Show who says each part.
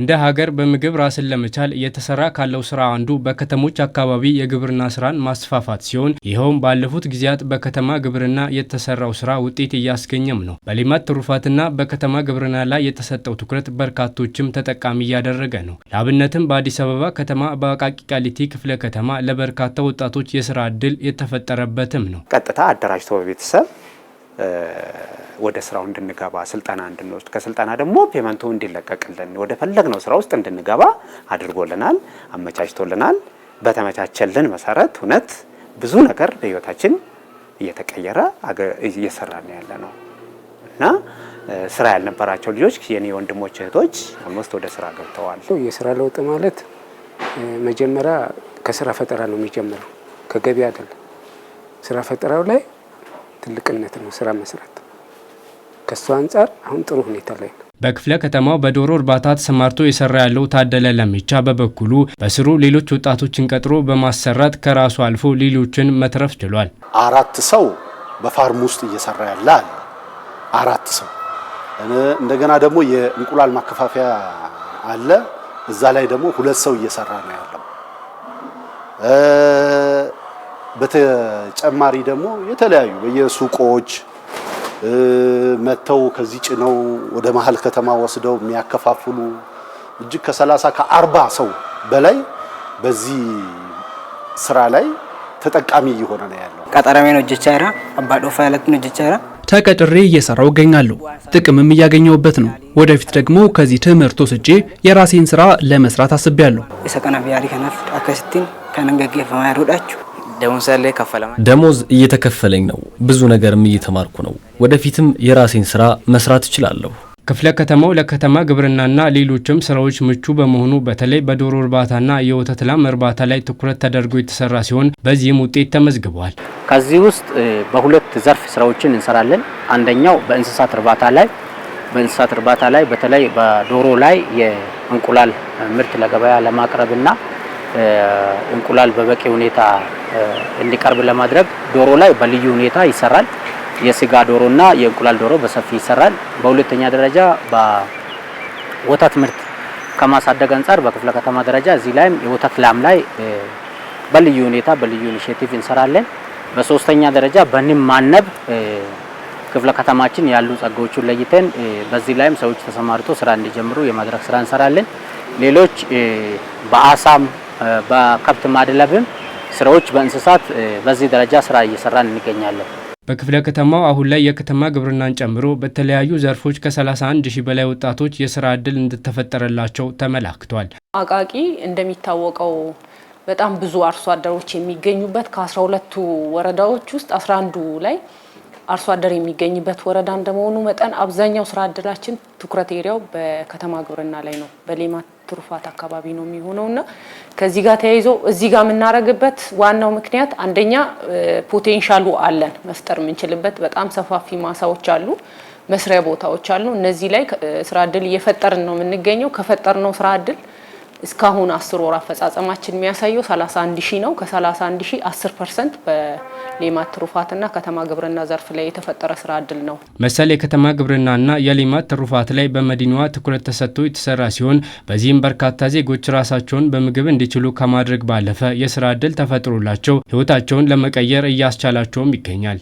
Speaker 1: እንደ ሀገር በምግብ ራስን ለመቻል እየተሰራ ካለው ስራ አንዱ በከተሞች አካባቢ የግብርና ስራን ማስፋፋት ሲሆን ይኸውም ባለፉት ጊዜያት በከተማ ግብርና የተሰራው ስራ ውጤት እያስገኘም ነው። በሌማት ትሩፋትና በከተማ ግብርና ላይ የተሰጠው ትኩረት በርካቶችም ተጠቃሚ እያደረገ ነው። ለአብነትም በአዲስ አበባ ከተማ በአቃቂ ቃሊቲ ክፍለ ከተማ ለበርካታ ወጣቶች የስራ እድል የተፈጠረበትም ነው።
Speaker 2: ቀጥታ አደራጅቶ በቤተሰብ ወደ ስራው እንድንገባ ስልጠና እንድንወስድ ከስልጠና ደግሞ ፔመንቱ እንዲለቀቅልን ወደ ፈለግነው ስራ ውስጥ እንድንገባ አድርጎልናል፣ አመቻችቶልናል። በተመቻቸልን መሰረት እውነት ብዙ ነገር በህይወታችን እየተቀየረ እየሰራ ነው ያለ ነው እና ስራ ያልነበራቸው ልጆች የኔ ወንድሞች እህቶች አልሞስት ወደ ስራ ገብተዋል።
Speaker 3: የስራ ለውጥ ማለት መጀመሪያ ከስራ ፈጠራ ነው የሚጀምረው፣ ከገቢ አይደለም። ስራ ፈጠራው ላይ ትልቅነት ነው ስራ መስራት። ከሱ አንጻር አሁን ጥሩ ሁኔታ ላይ ነው።
Speaker 1: በክፍለ ከተማው በዶሮ እርባታ ተሰማርቶ የሰራ ያለው ታደለ ለሚቻ በበኩሉ በስሩ ሌሎች ወጣቶችን ቀጥሮ በማሰራት ከራሱ አልፎ ሌሎችን መትረፍ ችሏል።
Speaker 4: አራት ሰው በፋርም ውስጥ እየሰራ ያለ አለ። አራት ሰው እንደገና ደግሞ የእንቁላል ማከፋፈያ አለ። እዛ ላይ ደግሞ ሁለት ሰው እየሰራ ነው ያለው። በተጨማሪ ደግሞ የተለያዩ በየሱቆች መጥተው ከዚህ ጭነው ወደ መሀል ከተማ ወስደው የሚያከፋፍሉ እጅግ ከ30 ከ ሰው በላይ በዚህ ስራ ላይ ተጠቃሚ እየሆነ ነው ያለው።
Speaker 5: ቀጠረሜን ሆጀቻራ አባዶፋ ያለትን ሆጀቻራ
Speaker 1: ተቀጥሬ እየሰራው እገኛለሁ። ጥቅምም እያገኘውበት ነው። ወደፊት ደግሞ ከዚህ ትምህርት ወስጄ የራሴን ስራ ለመስራት አስቤያለሁ።
Speaker 6: ሰቀና ቢያሪ ከናፍ አከስቲን ከነንገጌ ፈማያሮዳችሁ
Speaker 7: ደሞዝ እየተከፈለኝ ነው። ብዙ ነገርም እየተማርኩ ነው። ወደፊትም የራሴን ስራ መስራት እችላለሁ።
Speaker 1: ክፍለ ከተማው ለከተማ ግብርናና ሌሎችም ስራዎች ምቹ በመሆኑ በተለይ በዶሮ እርባታና የወተት ላም እርባታ ላይ ትኩረት ተደርጎ የተሰራ ሲሆን በዚህም ውጤት ተመዝግቧል።
Speaker 8: ከዚህ ውስጥ በሁለት ዘርፍ ስራዎችን እንሰራለን። አንደኛው በእንስሳት እርባታ ላይ በእንስሳት እርባታ ላይ በተለይ በዶሮ ላይ የእንቁላል ምርት ለገበያ ለማቅረብና እንቁላል በበቂ ሁኔታ እንዲቀርብ ለማድረግ ዶሮ ላይ በልዩ ሁኔታ ይሰራል። የስጋ ዶሮ የእንቁላል ዶሮ በሰፊ ይሰራል። በሁለተኛ ደረጃ በወተት ምርት ከማሳደግ አንጻር በክፍለ ከተማ ደረጃ እዚህ ላይም የወተት ላም ላይ በልዩ ሁኔታ በልዩ ኢኒሽቲቭ እንሰራለን። በሶስተኛ ደረጃ በንም ማነብ ክፍለ ከተማችን ያሉ ጸጋዎቹን ለይተን በዚህ ላይም ሰዎች ተሰማርቶ ስራ እንዲጀምሩ የማድረግ ስራ እንሰራለን። ሌሎች በአሳም በከብት ማድለብም ስራዎች በእንስሳት በዚህ ደረጃ ስራ እየሰራን እንገኛለን።
Speaker 1: በክፍለ ከተማው አሁን ላይ የከተማ ግብርናን ጨምሮ በተለያዩ ዘርፎች ከ31 ሺህ በላይ ወጣቶች የስራ እድል እንደተፈጠረላቸው ተመላክቷል።
Speaker 9: አቃቂ እንደሚታወቀው በጣም ብዙ አርሶ አደሮች የሚገኙበት ከ12ቱ ወረዳዎች ውስጥ 11ዱ ላይ አርሶ አደር የሚገኝበት ወረዳ እንደመሆኑ መጠን አብዛኛው ስራ እድላችን ትኩረት ኤሪያው በከተማ ግብርና ላይ ነው በሌማት ትሩፋት አካባቢ ነው የሚሆነው እና ከዚህ ጋር ተያይዞ እዚህ ጋር የምናደርግበት ዋናው ምክንያት አንደኛ ፖቴንሻሉ አለን መፍጠር የምንችልበት በጣም ሰፋፊ ማሳዎች አሉ፣ መስሪያ ቦታዎች አሉ። እነዚህ ላይ ስራ እድል እየፈጠርን ነው የምንገኘው። ከፈጠርነው ስራ እድል እስካሁን አስር ወር አፈጻጸማችን የሚያሳየው 31 ሺህ ነው። ከ31 ሺህ 10 ፐርሰንት በሌማት ትሩፋትና ከተማ ግብርና ዘርፍ ላይ የተፈጠረ ስራ እድል ነው።
Speaker 1: መሰል የከተማ ግብርናና የሌማት ትሩፋት ላይ በመዲናዋ ትኩረት ተሰጥቶ የተሰራ ሲሆን በዚህም በርካታ ዜጎች ራሳቸውን በምግብ እንዲችሉ ከማድረግ ባለፈ የስራ እድል ተፈጥሮላቸው ህይወታቸውን ለመቀየር እያስቻላቸውም ይገኛል።